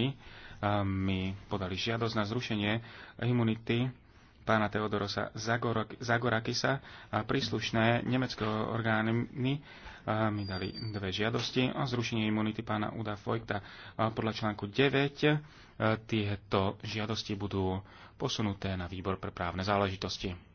mi podali žiadosť na zrušenie imunity pána Teodorosa Zagorakisa a príslušné nemecké orgány mi dali dve žiadosti o zrušenie imunity pána Uda Fojta. Podľa článku 9 e, tieto žiadosti budú posunuté na výbor pre právne záležitosti.